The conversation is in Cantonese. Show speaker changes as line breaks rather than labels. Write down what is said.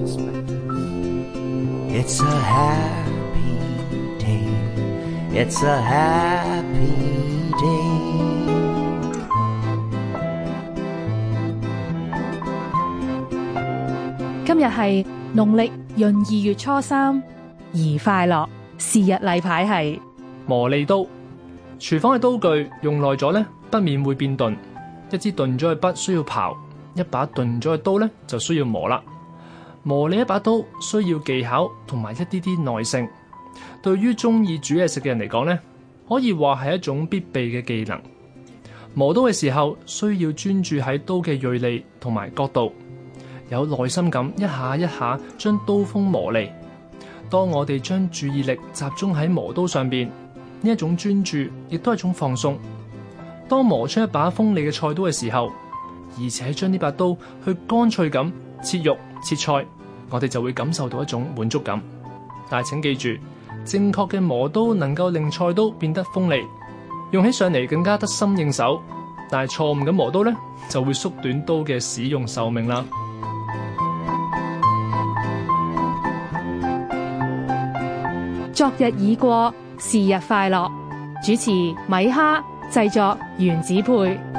It's a happy day. It's a happy day.
今日係農曆閏二月初三，宜快樂。時日是日例牌係
磨利刀。廚房嘅刀具用耐咗咧，不免會變鈍。一支鈍咗嘅筆需要刨，一把鈍咗嘅刀咧就需要磨啦。磨呢一把刀需要技巧同埋一啲啲耐性。對於中意煮嘢食嘅人嚟講呢，可以話係一種必備嘅技能。磨刀嘅時候需要專注喺刀嘅銳利同埋角度，有耐心咁一下一下將刀鋒磨利。當我哋將注意力集中喺磨刀上邊，呢一種專注，亦都係一種放鬆。當磨出一把鋒利嘅菜刀嘅時候，而且將呢把刀去乾脆咁切肉。切菜，我哋就會感受到一種滿足感。但係請記住，正確嘅磨刀能夠令菜刀變得鋒利，用起上嚟更加得心應手。但係錯誤嘅磨刀呢，就會縮短刀嘅使用壽命啦。
昨日已過，是日快樂。主持米哈，製作原子配。